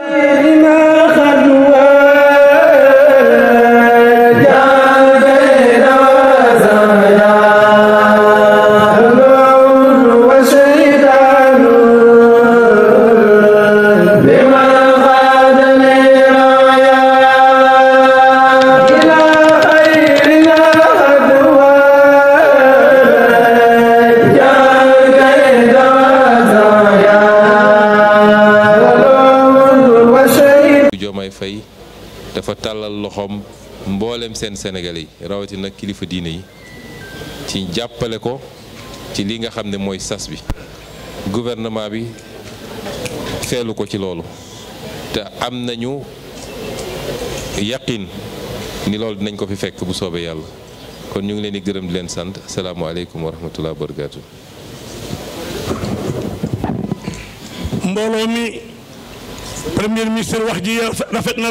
Amen. xom mbollem sen sénégalais rawati nak kilifa diiné yi ci jappalé ko ci li nga xamné moy sas bi gouvernement bi ko ci lolu té am nañu yaqin ni lolu dinañ ko fi fekk bu soobé yalla kon ñu ngi leen di gërëm di leen assalamu alaykum wa wa barakatuh mbolo mi premier ministre wax ji rafet na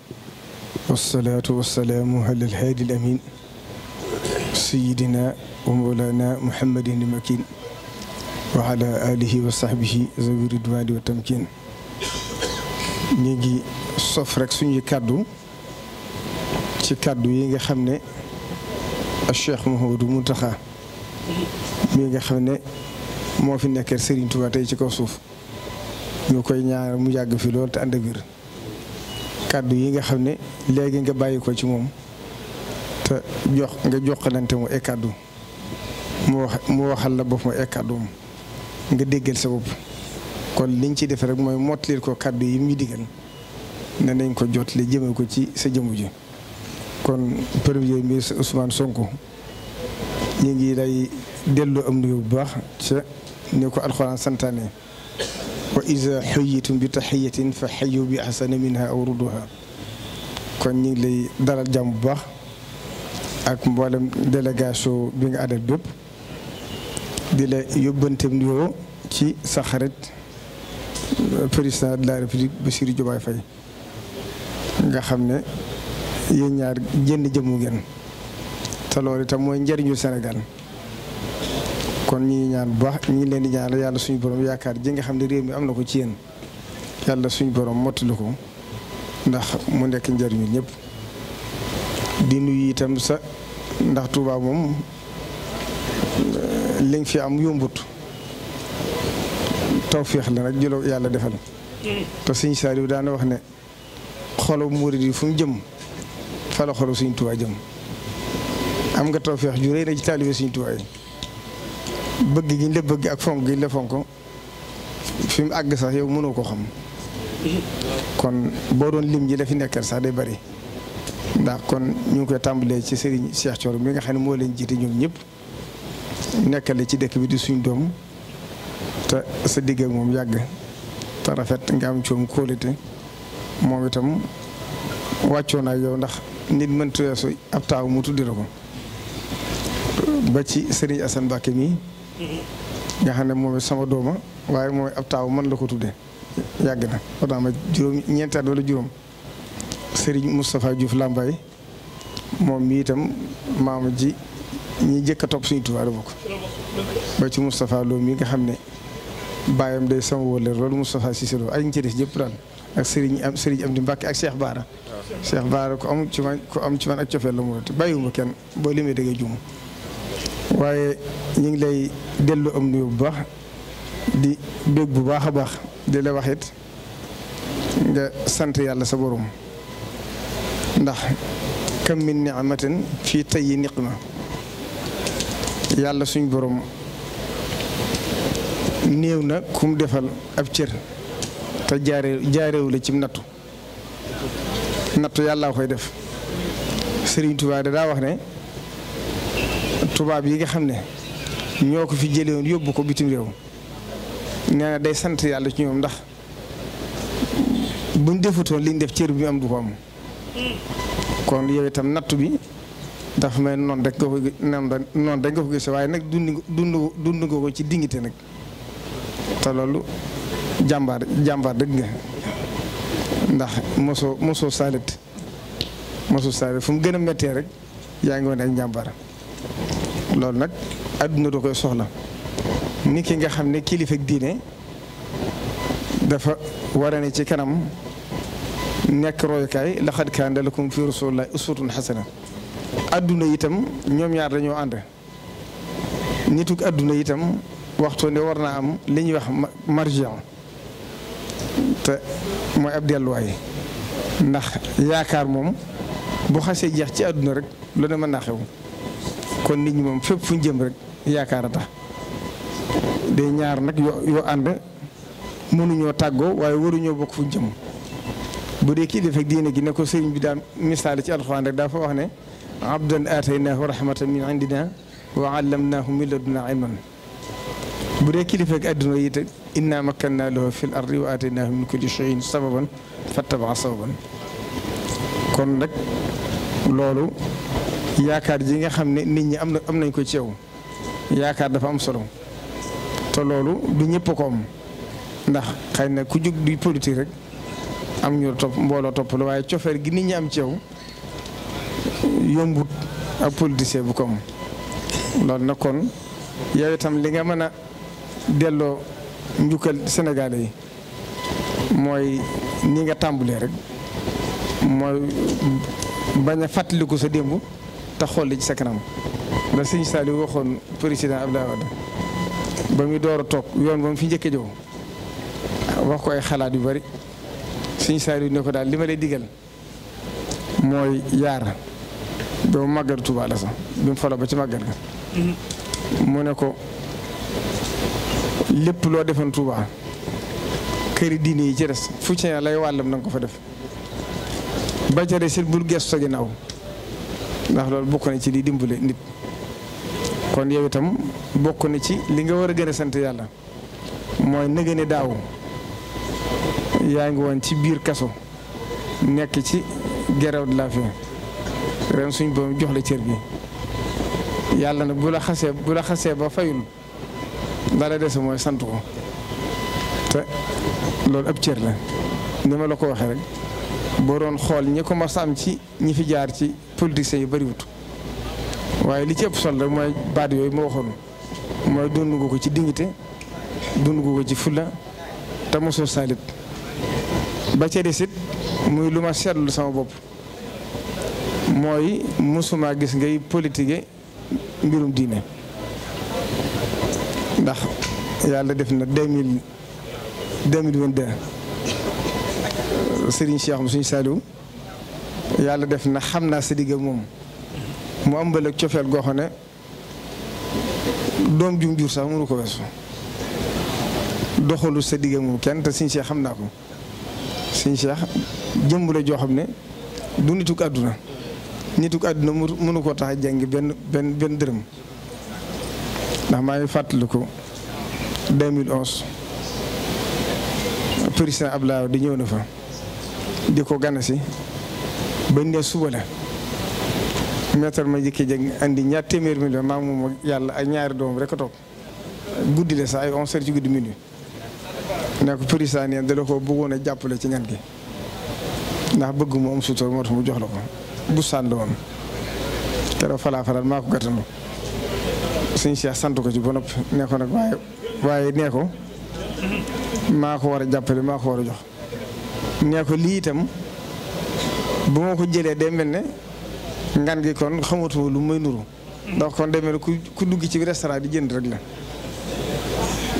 wasalaatu wasalaamu ala alhaadi alamin sayidina wa mawlana muhammadin makin wa ala alihi wa sahbihi zawi ridwaani wa tamkin ñu sof rek suñuy kàddu ci kàddu yi nga xam ne Cheikh Mouhamadou Mountakha mi nga xam ne moo fi nekkee Serigne Touba tey ci kaw suuf ñu koy ñaar mu yàgg fi lool te ànd ak kàddu yi nga xam ne léegi nga bàyyi ko ci moom te jox nga joxalante mu ay kàddu mu wax mu waxal la bopp mu ay nga déggal sa bopp kon liñ ci def rek mooy mottalil ko kàddu yi mu diggal ne nañ ko jotle jëme ko ci sa jëmu ji kon premier ministre Ousmane Sonko ñu ngi lay delloo am nuyoo bu baax ca ni ko alxuraan santaane wa iza xuyyitum bi taxiyatin fa xayu bi ahsana minha aw rudduha kon ñu ngi lay dalal jàmm bu baax ak mboolem délégation bi nga àndal bépp di la yóbbanteem nuyoo ci sa xarit président de la république Bassirou Diomaye Faye nga xam ne yéen ñaar jënd jëmmu ngeen te loolu itam mooy njëriñu senegal kon ñu ngi ñaan bu baax ñu ngi leen di ñaanal yàlla suñu borom yaakaar ji nga xam ne réew mi am na ko ci yéen yàlla suñu boroom mottali ko ndax mu nekk njariñu ñëpp di nuyu itam sa ndax Touba moom eh, liñ fi am yombut tawféex la nag jëloo yàlla defal te Sëñ Saliou daana wax ne xolu murid yi fu mu jëm fa la xolu Sëñ jëm am nga tawféex ju rëy na ci taalibe Sëñ Touba bëgg gi ñu la bëgg ak fonk gi la fonk fi mu àgg sax yow mënoo ko xam kon boo doon lim ji la fi nekkal sax day bari ndax kon ñu ngi koy tàmbalee ci Serigne seex Thioro mi nga xam ne moo leen jiite ñoom ñëpp nekkale ci dëkk suñ doom te sa moom yàgg te rafet nga am coom kóolute moom itam wàccoon naa yow ndax nit mënta weesu ab taaw mu tuddi ko ba ci Serigne Assane Mbacké mi nga xam ne moom sama dooma waaye mooy ab taaw man la ko tuddee yàgg na wala ma juróom ñeenti at wala juróom Serigne Moustapha Diouf Lambaye moom mi itam maama ji ñi jëkk a topp suñu Tuubaa ci Moustapha Lo mi nga xam ne bàyyam day sama wóoleel loolu Moustapha Cissé ay ñu ci des yëpp daal ak sëriñ am sëriñ am di Mbàkke ak seex Baara. Cheikh Baara ku am ci ku am ci man ak cofeel la mu wut bàyyiwuma kenn boo limee da ngay juum. waaye ñu ngi lay dellu am nuyu bu baax di bég bu baax a baax di la wax nga sant yàlla sa borom ndax kam min ni'matin fii tey yi niq ma yàlla suñ boroom néew na kum defal ab cër te jaare jaarewu la ci nattu nattu yàlla koy def Sëriñ Tuubaa da daa wax ne tubaab yi nga xam ne ñoo ko fi jëlee woon yóbbu ko bitim réew nee day sant yàlla ci ñoom ndax buñ defutoon liñ def cër bi am du ko am kon yow itam nattu bi dafa may noonu rek nga ko noonu rek nga ko gis waaye nag dund dund nga ko ci dignité nag te loolu jàmbaar jàmbaar dëgg nga ndax mosoo mosoo saalit mosoo saalit fu mu gën a rek yaa ngi woon ak njàmbaar. loolu nag àdduna doo koy soxla nit ki nga xam ne kilifa diine dafa war ne ci kanam nekk royukaay laqad kaana lakum fi rasulillahi uswatun xasana àdduna itam ñoom ñaar dañoo ànd nituk àdduna itam waxtu ne war naa am li ñuy wax marjian te mooy ab delluwaay ndax yaakaar moom bu xasee jeex ci àdduna rek lu ne mën naa xew kon nit ñi moom fépp fu ñu rek yaakaar a tax day ñaar nag yoo ànd mënuñoo tàggoo waaye waruñoo bokk fu ñu jëm bu dee kii def ak diine gi ne ko sëriñ bi daan misaal ci alxuraan rek dafa wax ne abdan aataynaahu rahmatan min indina wa allamnaahu min ladunaa ilman bu dee kilifa ak adduna yi te inna makkannaa lahu fil ardi wa aataynaahu min kulli sababan fattabaa sababan kon nag loolu yaakaar ji nga xam ne nit ñi am na am nañ ko ci yaakaar dafa am solo te loolu du ñëpp ko am ndax xëy na ku jóg du politique rek am ñu mbooloo topp la waaye cofeer gi nit ñi am ci yow yombut ak politicien bu ko am loolu nag kon yow itam li nga mën a delloo njukkal Sénégalais yi mooy ni nga tàmbalee rek mooy bañ a fàttaliku sa démb te xool li ci sa kanam siñ sëñ Saliou waxoon président Abdoulaye Wade ba muy door a toog yoon ba mu fi njëkkee jow wax ko ay xalaat yu bari sëñ Saliou ne ko daal li ma lay digal mooy yaar ba mu màggal Tuubaa la sax bi mu falo ba ci màggal ga mm-hmm. mu ne ko lépp loo defoon Tuubaa këri diine yi ci des fu ci lay wàllam na ko fa def ba ca des it bul gestu sa ginnaaw ndax loolu bokk na ci di dimbale nit kon yow itam bokk na ci li nga war a gën a sant yàlla mooy négane ne daaw yaa ngi woon ci biir kaso nekk ci gerew de la fi ren suñ boom jox la cër gi yàlla na bu la xasee bu la xasee ba fayul la la dese mooy sant ko te loolu ab cër la ni ma la ko waxee rek. boo doon xool ñi ko mas ci ñi fi jaar ci politiciens yu bariwut waaye li ci ëpp solo rek mooy baat yooyu ma waxoon mooy dund nga ko ci dignité dund ko ko ci fulla te mosoo saalit ba ca desit muy lu ma seetlu sama bopp mooy mosuma gis ngay politique mbirum diine ndax yàlla def na deux mille deux mille Serigne Cheikh mu suñu Saliou yàlla def na xam naa sa digg moom mu am ak cofeel goo xam ne doom jum jur sax mënu ko weesu doxalu sa digg moom kenn te Serigne Cheikh xam naa ko Serigne Cheikh jëmb la joo xam ne du nituk àdduna nituk àdduna mënu koo tax a benn benn benn dërëm ndax maa ngi fàttaliku 2011 président Abdoulaye di ñëw na fa. di ko gana si bañ ne suba la maître ma jëkki jëkk indi ñaar téeméer million maa moom yàlla ak ñaari doom rek a toog guddi la sax ay onze heures ci guddi minuit ne ko président neen dala ko bëggoon a jàppale ci ngan gi ndax bëgg mu am moo tax mu jox la ko bu sànd woon keroog falaa falaa maa ko gàttandu suñ Cheikh sant ko ci ba noppi ne ko nag waaye waaye nee ko maa ko war a jàpp jàppale maa ko war a jox nee ko lii itam bu ma ko jëlee day mel ne ngan gi kon xamatuma lu may nuru ndax kon day ne ku dugg ci restaurant di jënd rek la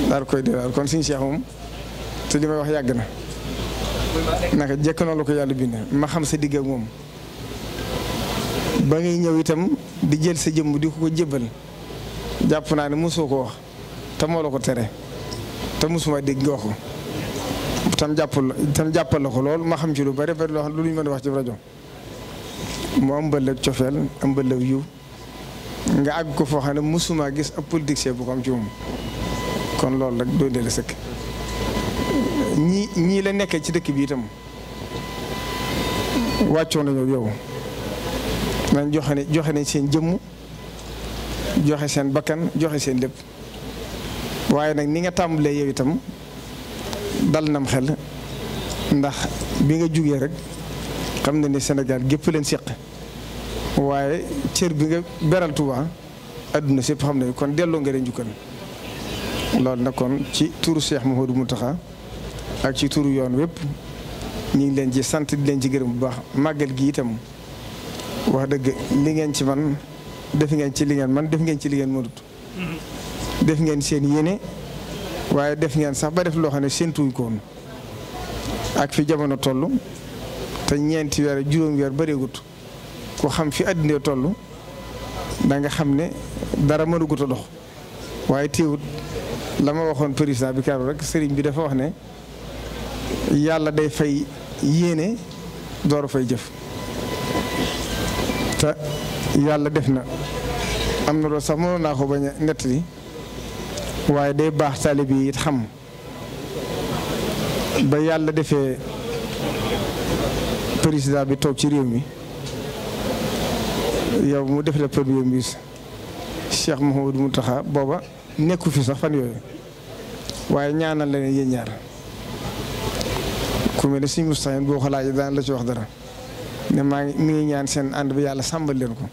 daal koy dee kon suñu Cheikh moom te li may wax yàgg na naka jëkk noonu la ko yàlla bindee ma xam sa digg ak moom ba ngay ñëw itam di jël sa jëmm di ko ko jébbal jàpp naa ne mosoo ko wax te moo ko tere te mosuma dégg nga wax ko tam jàppal tam jàppal la ko lool ma xam ci lu bari bari loo xam lu ñu mën a wax ci rajo mu am mbëllëg cofeel am mbëllëg yiw nga àgg ko foo xam ne mosuma gis ab politicien bu ko am ci moom kon loolu rek doy na la sëkk ñii la nekkee ci dëkk bi tam wàccoo nañu yow nañ joxe ne joxe nañ seen jëm joxe seen bakkan joxe seen lépp waaye nag ni nga tàmbalee yow itam. dal na nam xel ndax bi nga jugee rek xam na ni Sénégal gépp leen seq waaye cër bi nga beral Touba adduna sépp xam ne kon delloo nga leen njukkal loolu nag kon ci turu Cheikh Mouhamadou Mountakha ak ci turu yoon wépp ñu ngi leen ci sant di leen ci gërëm bu baax màggal gi itam wax dëgg li ngeen ci man def ngeen ci li ngeen man def ngeen ci li ngeen mënut mm-hmm. def ngeen seen yéene waaye def ngeen sax ba def loo xam ne séntuwuñ ko woon ak fi jamono toll te ñeenti weer juróom weer bareegut ku xam fi àddina toll da nga xam ne dara mënugut a dox waaye teewut la ma waxoon président bi kaaru rek sëriñ bi dafa wax ne yàlla day fay yéene door a fay jëf te yàlla def na am na loolu sax mënoon naa ko ba a nettali waaye day baax taalibe yi it xam ba yàlla defee président bi toog ci réew mi yow mu def la premier ministre Cheikh Mouhamadou Mountakha booba nekku fi sax fan yooyu waaye ñaanal la ne yéen ñaar ku si ne suñu mustaxin boo xalaajee daan la ci wax dara ne maa ngi mi ngi ñaan seen ànd bi yàlla sàmbal leen ko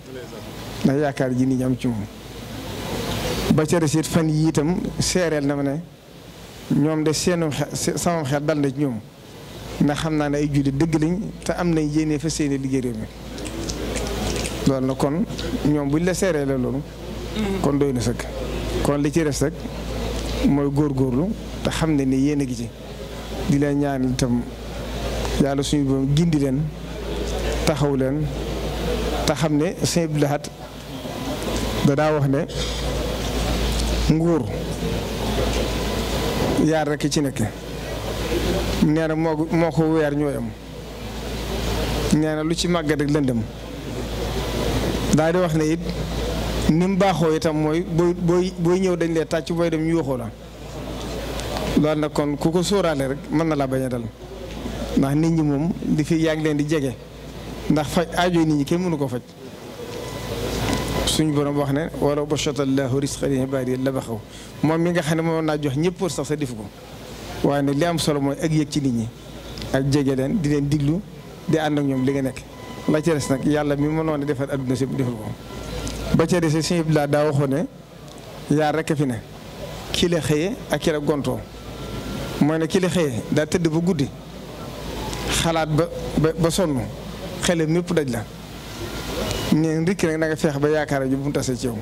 ndax yaakaar ji nit ñi ci moom ba ca des fan yii itam seereel na ma ne ñoom de seenum xel sama xel dal na ci ñoom ndax xam naa ne ay jullit dëgg lañ te am nañ yéene fa seeni liggéey réew mi loolu na kon ñoom buñ la seeree la loolu kon doy na sëkk kon li ci des rek mooy góorlu te xam ne ni yéen a gi ci di leen ñaan itam yàlla suñu boom gindi leen taxaw leen te xam ne Sëñ Abdou Lahad da daa wax ne nguur yaar rekk ci nekk nee na moo moo ko weer ñoo yam nee lu ci màggat ak lëndëm daal di wax na it ni baaxoo itam mooy booy booy booy ñëw dañ lee tàcc booy dem waxoo la loolu nag kon ku ko sóoraale rek mën na laa bañ dal ndax nit ñi moom di fi yaa leen di jege ndax faj aajo nit ñi kenn mënu ko faj suñ borom wax ne wala bashata llaahu rizqa li ibaadi la baxaw moom mi nga xam ne moom naa jox ñëpp pour sax sa def ko waaye nag li am solo mooy ak yëg ci nit ñi ak jege leen di leen diglu di ànd ak ñoom li nga nekk la ca des nag yàlla mi mënoon defar adduna si bu defal ko ba ca des si laa daa waxoon ne yaa rek fi ne ki la xëyee ak ki la gontoo mooy ne ki la xëyee daa tëdd ba guddi xalaat ba ba sonn xelam ñëpp daj la. ne ndikki nag na nga feex ba yaakaar ji bu mu tasee ci yow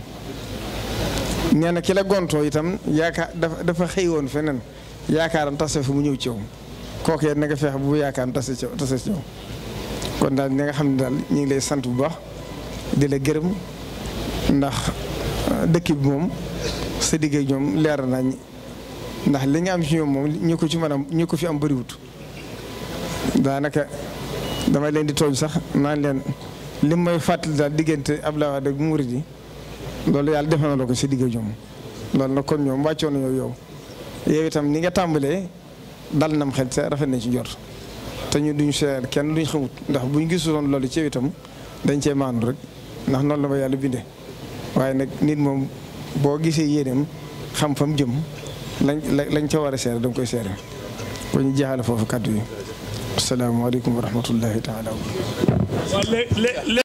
nee na ki la gontoo itam yaakaar dafa dafa xëy woon feneen yaakaaram tase fu mu ñëw ci yow kooku na nga feex bu yaakaar tase ci tase ci kon daal ñi nga xam ne daal ñu ngi lay sant bu baax di la gërëm ndax euh, dëkk bi moom sa digg ñoom leer nañ ndax li nga am ci ñoom moom ñu ko ci mën a ñu ko fi am bëriwut daanaka damay leen di tooñ sax naa leen. li may fàttali daal diggante Abdoulaye Wade ak murid yi loolu yàlla def na la ko si digg ñoom loolu na kon ñoom wàccoon na yow yow itam ni nga tàmbalee dal nam xel sa rafet na ci jot te ñu duñu seer kenn duñ xamut ndax bu buñ gisuloon loolu ci yow itam dañ cee maandu rek ndax noonu la ma yàlla bindee waaye nag nit moom boo gisee yéeneem xam fa mu jëm lañ lañ ca war a seere da koy seere ko ñu jeexale foofu kàddu yi asalaamaaleykum wa rahmatullahi taala les,